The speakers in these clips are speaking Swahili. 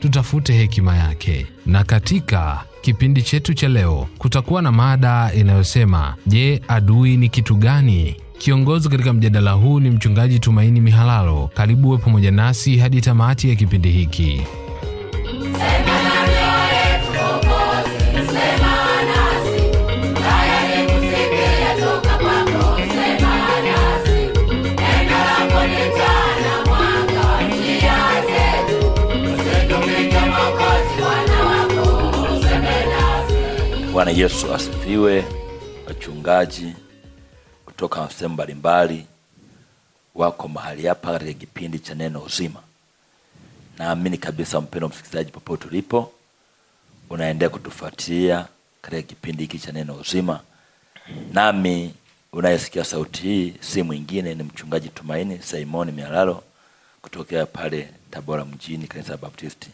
tutafute hekima yake. Na katika kipindi chetu cha leo kutakuwa na mada inayosema, je, adui ni kitu gani? Kiongozi katika mjadala huu ni Mchungaji Tumaini Mihalalo. Karibu we pamoja nasi hadi tamati ya kipindi hiki. Bwana Yesu asifiwe. Wachungaji kutoka sehemu mbalimbali wako mahali hapa katika kipindi cha neno uzima. Naamini kabisa mpendo msikilizaji, popote ulipo, unaendelea kutufuatilia katika kipindi hiki cha neno uzima, nami unayesikia sauti hii si mwingine ni mchungaji Tumaini Simon Mialalo kutokea pale Tabora mjini, kanisa la Baptisti.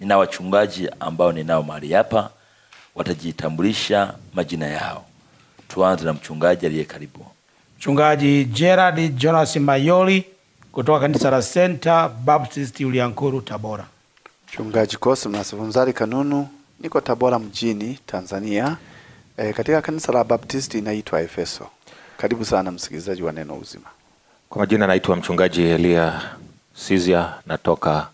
Nina wachungaji ambao ninao mahali hapa watajitambulisha majina yao. Tuanze na mchungaji aliye karibu. Mchungaji Gerard Jonas Mayoli kutoka kanisa la Center Baptist Uliankuru, Tabora. Mchungaji Kosi Vunzari Kanunu, niko Tabora mjini, Tanzania, e, katika kanisa la baptist inaitwa Efeso. Karibu sana msikilizaji wa Neno Uzima. Kwa majina naitwa mchungaji Elia Sizia, natoka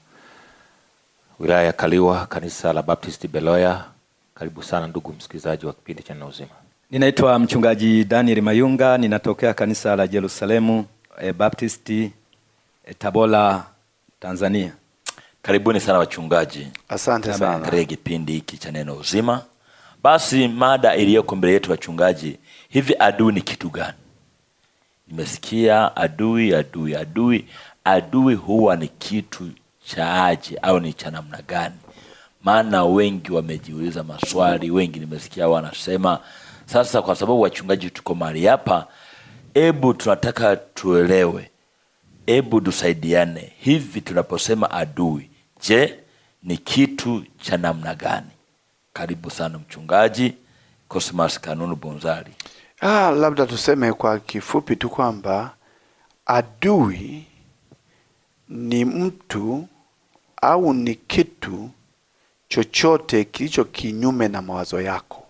wilaya ya Kaliwa, kanisa la Baptist Beloya karibu sana ndugu msikilizaji wa kipindi cha Uzima. Ninaitwa mchungaji Daniel Mayunga, ninatokea kanisa la jerusalemu e, eh, Baptisti e, eh, Tabora, Tanzania. Karibuni sana wachungaji, asante sana katika kipindi hiki cha Neno Uzima. Basi mada iliyoko mbele yetu wachungaji, hivi adui ni kitu gani? Nimesikia adui, adui, adui. Adui huwa ni kitu cha aje au ni cha namna gani? Maana wengi wamejiuliza maswali, wengi nimesikia wanasema sasa, kwa sababu wachungaji tuko mahali hapa, hebu tunataka tuelewe, hebu tusaidiane. Hivi tunaposema adui, je, ni kitu cha namna gani? Karibu sana mchungaji Cosmas Kanunu Bunzali. Ah, labda tuseme kwa kifupi tu kwamba adui ni mtu au ni kitu chochote kilicho kinyume na mawazo yako,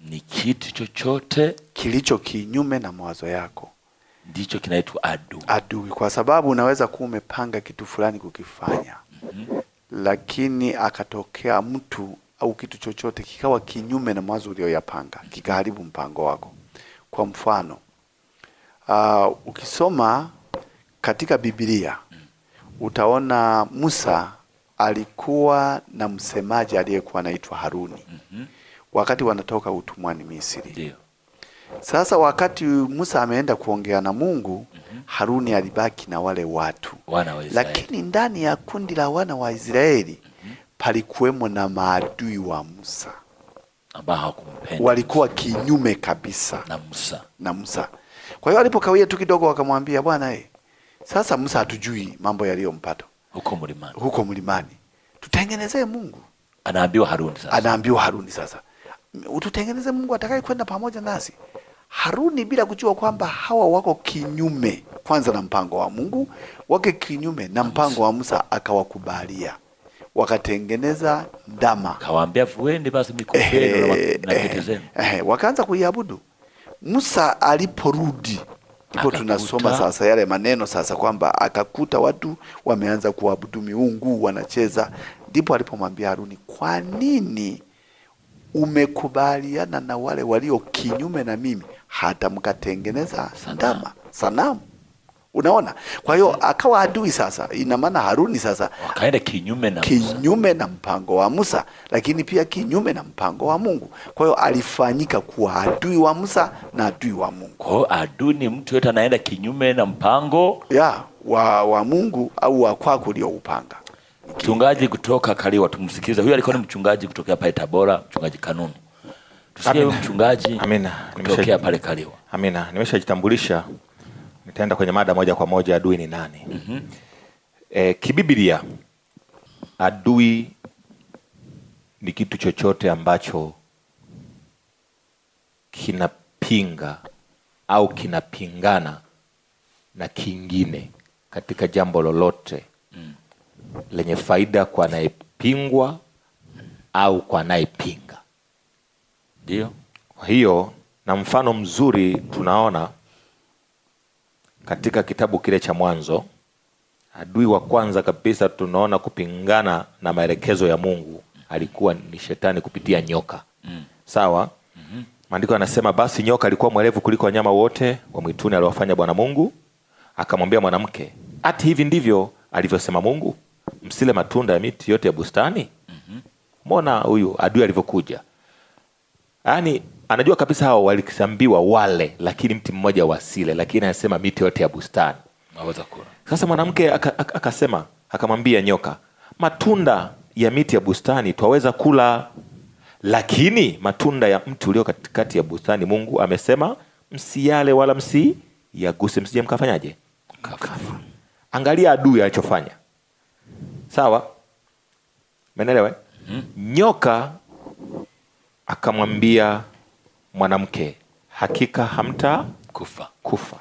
ni kitu chochote kilicho kinyume na mawazo yako ndicho kinaitwa adui. Adui kwa sababu unaweza kuwa umepanga kitu fulani kukifanya, mm -hmm. lakini akatokea mtu au kitu chochote kikawa kinyume na mawazo uliyoyapanga, mm -hmm. kikaharibu mpango wako. Kwa mfano uh, ukisoma katika Biblia mm. utaona Musa alikuwa na msemaji aliyekuwa anaitwa Haruni mm -hmm. wakati wanatoka utumwani Misri Sasa wakati Musa ameenda kuongea na Mungu mm -hmm. Haruni alibaki na wale watu wana wa Lakini ndani ya kundi la wana wa Israeli mm -hmm. palikuwemo na maadui wa Musa walikuwa kinyume kabisa na Musa, na Musa. Kwa hiyo alipokawia tu kidogo wakamwambia, bwana, eh, sasa Musa hatujui mambo yaliyompata huko mlimani, huko mlimani tutengenezee Mungu. Anaambiwa Haruni sasa, anaambiwa Haruni sasa, tutengeneze Mungu atakaye kwenda pamoja nasi. Haruni bila kujua kwamba hawa wako kinyume kwanza na mpango wa Mungu, wake kinyume na mpango wa Musa, akawakubalia wakatengeneza ndama, kawaambia vuende basi mikono eh, na kitu eh, zenu, eh, eh, wakaanza kuiabudu. Musa aliporudi hapo tunasoma sasa yale maneno sasa kwamba akakuta watu wameanza kuabudu miungu wanacheza. Ndipo alipomwambia Haruni, kwa nini umekubaliana na wale walio kinyume na mimi, hata mkatengeneza ndama sanamu? Unaona, kwa hiyo akawa adui sasa. Ina maana Haruni sasa akaenda kinyume na kinyume na mpango wa Musa, lakini pia kinyume na mpango wa Mungu. Kwa hiyo alifanyika kuwa adui wa Musa na adui wa Mungu. Kwa hiyo adui ni mtu yote anaenda kinyume na mpango ya wa, wa Mungu au wa kwako upanga. Mchungaji kutoka Kaliwa, tumsikilize. Huyu alikuwa ni mchungaji kutokea pale Tabora, mchungaji Kanuni. Tusikie mchungaji. Amina. kutokea pale Kaliwa. Amina. Nimeshajitambulisha nitaenda kwenye mada moja kwa moja, adui ni nani? mm -hmm. E, kibiblia adui ni kitu chochote ambacho kinapinga au kinapingana na kingine katika jambo lolote mm. lenye faida kwa anayepingwa au kwa anayepinga, ndio. Kwa hiyo na mfano mzuri tunaona katika kitabu kile cha Mwanzo, adui wa kwanza kabisa tunaona kupingana na maelekezo ya Mungu alikuwa ni shetani kupitia nyoka. Mm. Sawa? Mm -hmm. anasema basi nyoka alikuwa mwerevu kuliko wanyama wote wa mwituni aliwafanya Bwana Mungu, akamwambia mwanamke, ati hivi ndivyo alivyosema Mungu, msile matunda ya miti yote ya bustani? Mm-hmm. Mbona mm -hmm. huyu adui alivyokuja. Yaani anajua kabisa hao walisambiwa wale, lakini mti mmoja wasile, lakini anasema miti yote ya bustani Sasa mwanamke akasema aka, aka akamwambia nyoka, matunda ya miti ya bustani twaweza kula, lakini matunda ya mti ulio katikati ya bustani Mungu amesema msiyale wala msiyaguse, msije mkafanyaje? Angalia adui alichofanya, sawa? Menelewa? Eh? Hmm. Nyoka akamwambia mwanamke, hakika hamta kufa, kufa.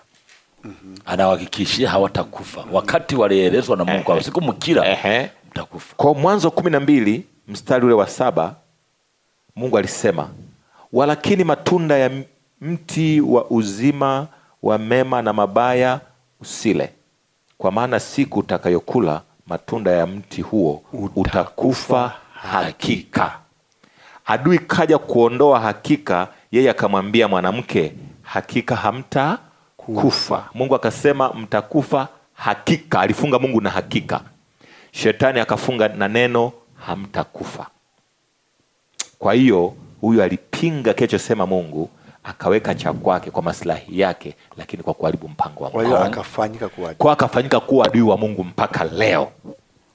Mm -hmm. Anawahakikishia hawatakufa. Wakati walielezwa na Mungu siku mkila mtakufa. Kwa Mwanzo kumi na mbili mstari ule wa saba Mungu alisema, walakini matunda ya mti wa uzima wa mema na mabaya usile, kwa maana siku utakayokula matunda ya mti huo utakufa hakika. Adui kaja kuondoa hakika yeye akamwambia mwanamke, hakika hamta kufa. Mungu akasema mtakufa hakika. Alifunga Mungu na hakika, shetani akafunga na neno hamtakufa. Kwa hiyo huyu alipinga kilichosema Mungu akaweka cha kwake kwa maslahi yake, lakini kwa kuharibu mpango wa Mungu, akafanyika kuwa kwa akafanyika kuwa adui wa Mungu mpaka leo.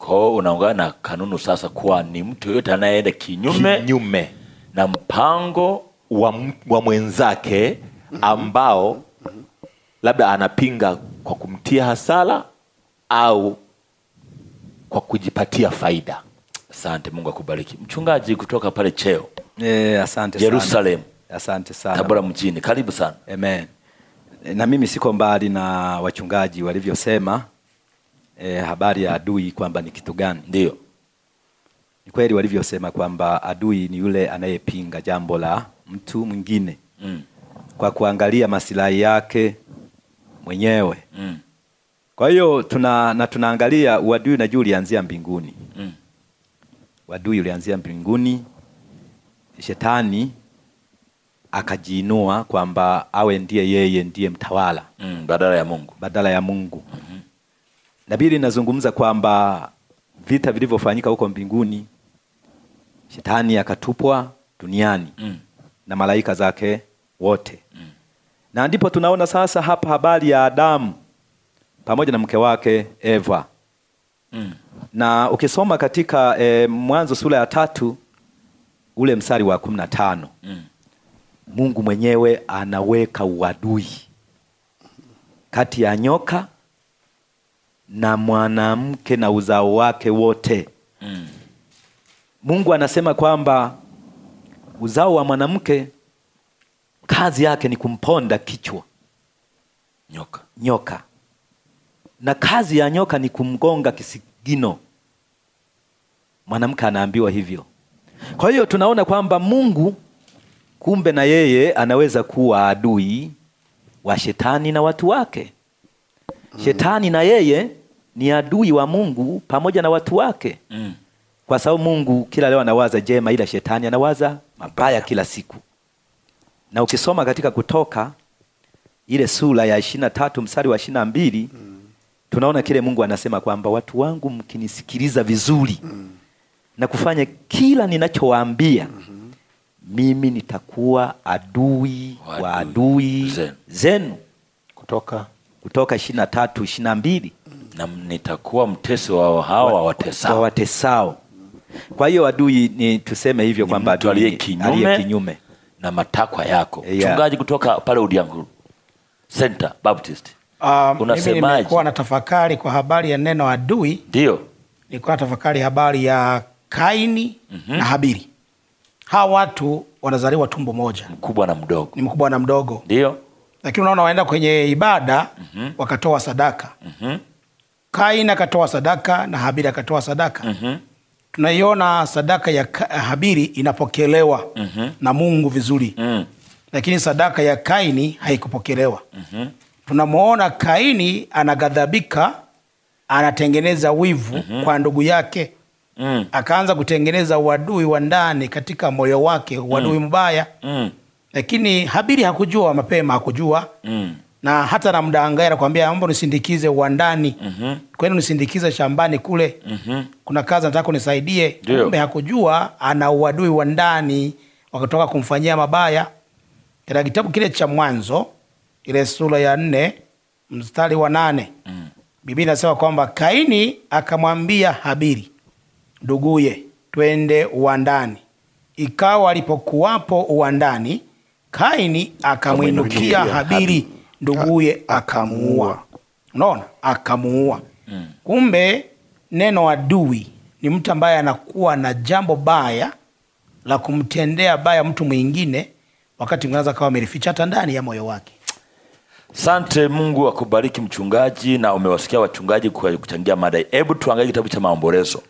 hiyo unaungana na sasa kuwa ni mtu yoyote anayeenda kinyume kinyume na mpango wa, wa mwenzake ambao labda anapinga kwa kumtia hasara au kwa kujipatia faida. Asante, Mungu akubariki mchungaji kutoka pale cheo eh, asante Jerusalem. Asante sana Tabora mjini, karibu sana. Amen. Eh, na mimi siko mbali na wachungaji walivyosema e, habari ya adui kwamba ni kitu gani. Ndio ni kweli walivyosema kwamba adui ni yule anayepinga jambo la mtu mwingine mm. kwa kuangalia masilahi yake mwenyewe mm. Kwa hiyo tuna, na tunaangalia uadui juu ulianzia mbinguni mm. Uadui ulianzia mbinguni, shetani akajiinua kwamba awe ndiye yeye ndiye mtawala mm, badala ya Mungu, badala ya Mungu mm -hmm. Na Biblia inazungumza kwamba vita vilivyofanyika huko mbinguni, shetani akatupwa duniani mm na malaika zake wote mm. Na ndipo tunaona sasa hapa habari ya Adamu pamoja na mke wake Eva mm. Na ukisoma katika e, Mwanzo sura ya tatu ule msari wa kumi na tano mm. Mungu mwenyewe anaweka uadui kati ya nyoka na mwanamke na uzao wake wote mm. Mungu anasema kwamba Uzao wa mwanamke kazi yake ni kumponda kichwa nyoka, nyoka, na kazi ya nyoka ni kumgonga kisigino. Mwanamke anaambiwa hivyo. Kwa hiyo tunaona kwamba Mungu kumbe na yeye anaweza kuwa adui wa shetani na watu wake. Mm. Shetani na yeye ni adui wa Mungu pamoja na watu wake. Mm kwa sababu Mungu kila leo anawaza jema, ila shetani anawaza mabaya kila siku. Na ukisoma katika Kutoka ile sura ya ishirini na tatu mstari wa ishirini na mbili mm. tunaona kile Mungu anasema kwamba watu wangu mkinisikiliza vizuri mm. na kufanya kila ninachowaambia mm -hmm. mimi nitakuwa adui wa adui zenu, Kutoka Kutoka ishirini na tatu ishirini na mbili na nitakuwa mtesi wa hao wawatesao kwa hiyo adui ni tuseme hivyo kwamba mtu aliye kinyume, kinyume na matakwa yako yeah. Mchungaji kutoka pale Udiangu Center Baptist, ah, unasemaje? Mimi nilikuwa natafakari kwa habari ya neno adui, ndio nilikuwa natafakari habari ya Kaini mhm. na Habiri. Hawa watu wanazaliwa tumbo moja, mkubwa na mdogo, ni mkubwa na mdogo, ndio lakini unaona waenda kwenye ibada mm -hmm. wakatoa sadaka mm -hmm. Kaini akatoa sadaka na Habiri akatoa sadaka mm -hmm tunaiona sadaka ya Habiri inapokelewa mm -hmm. na Mungu vizuri mm. lakini sadaka ya Kaini haikupokelewa mm -hmm. tunamwona Kaini anagadhabika anatengeneza wivu mm -hmm. kwa ndugu yake mm. akaanza kutengeneza uadui wa ndani katika moyo wake, uadui mm. mbaya mm. lakini Habiri hakujua mapema, hakujua mm na hata na namdaangaira kwambia mambo nisindikize uwandani mm -hmm. kwenu nisindikize shambani kule mm -hmm. kuna kazi nataka unisaidie kumbe hakujua ana uadui wa ndani wakatoka kumfanyia mabaya katika kitabu kile cha mwanzo ile sura ya nne mstari wa nane mm. bibi nasema kwamba kaini akamwambia habiri nduguye twende uwandani ikawa alipokuwapo uwandani kaini akamwinukia habiri, habiri nduguye akamuua. Unaona, akamuua. Mm. Kumbe neno adui ni mtu ambaye anakuwa na jambo baya la kumtendea baya mtu mwingine, wakati mnaweza kawa amerificha hata ndani ya moyo wake. Sante, Mungu akubariki mchungaji, na umewasikia wachungaji kuchangia mada. Hebu tuangalie kitabu cha Maombolezo,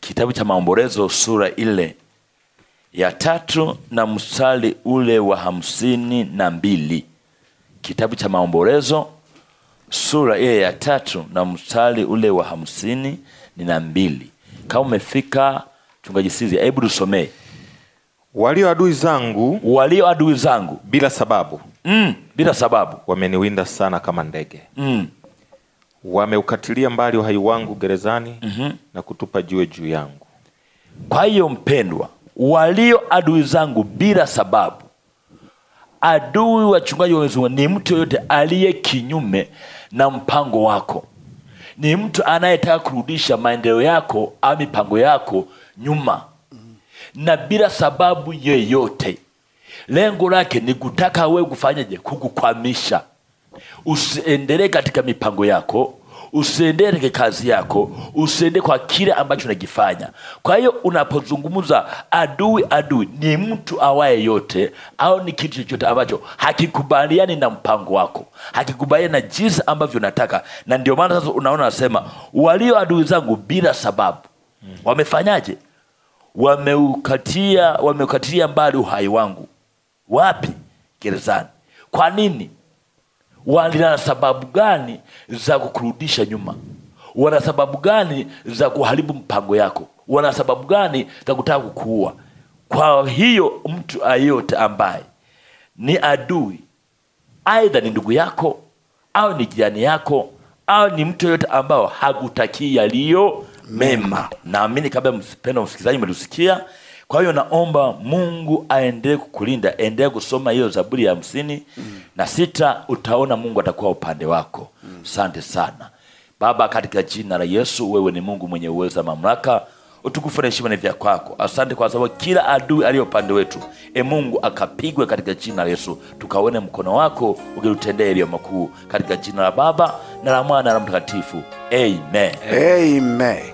kitabu cha Maombolezo sura ile ya tatu na mstari ule wa hamsini na mbili kitabu cha Maombolezo sura ile ya tatu na mstari ule wa hamsini na mbili Kama umefika chungaji Sizia, hebu tusomee. Walio adui zangu, walio adui zangu bila sababu mm, bila sababu wameniwinda sana kama ndege mm. Wameukatilia mbali uhai wangu gerezani mm -hmm. na kutupa jiwe juu yangu. Kwa hiyo mpendwa walio adui zangu bila sababu. Adui wachungaji wa Mwenyezi Mungu ni mtu yoyote aliye kinyume na mpango wako, ni mtu anayetaka kurudisha maendeleo yako au mipango yako nyuma, na bila sababu yeyote. Lengo lake ni kutaka wewe kufanyaje? Kukukwamisha usiendelee katika mipango yako, usiendee katika kazi yako, usiendee kwa kile ambacho unakifanya. Kwa hiyo unapozungumza adui, adui ni mtu awaye yote, au ni kitu chochote ambacho hakikubaliani na mpango wako, hakikubaliani na jinsi ambavyo unataka. Na ndio maana sasa unaona nasema walio adui zangu bila sababu hmm. wamefanyaje? Wameukatia, wameukatilia mbali uhai wangu. Wapi? Gerezani. Kwa nini? wana sababu gani za kukurudisha nyuma? Wana sababu gani za kuharibu mpango yako? Wana sababu gani za kutaka kukuua? Kwa hiyo mtu ayote ambaye ni adui, aidha ni ndugu yako au ni jirani yako au ni mtu yoyote ambayo hakutakii yaliyo mema, naamini kabla mpendo msikilizaji, umelisikia kwa hiyo naomba Mungu aendelee kukulinda, endelee kusoma hiyo Zaburi ya hamsini mm. na sita, utaona Mungu atakuwa upande wako. Mm. Asante mm. sana Baba, katika jina la Yesu. Wewe ni Mungu mwenye uwezo mamlaka, utukufu na heshima ni vya kwako. Asante kwa sababu kila adui aliyo upande wetu, e Mungu, akapigwe katika jina la Yesu, tukaone mkono wako ukitutendea yaliyo makuu, katika jina la Baba na la Mwana na la Mtakatifu, amen, amen.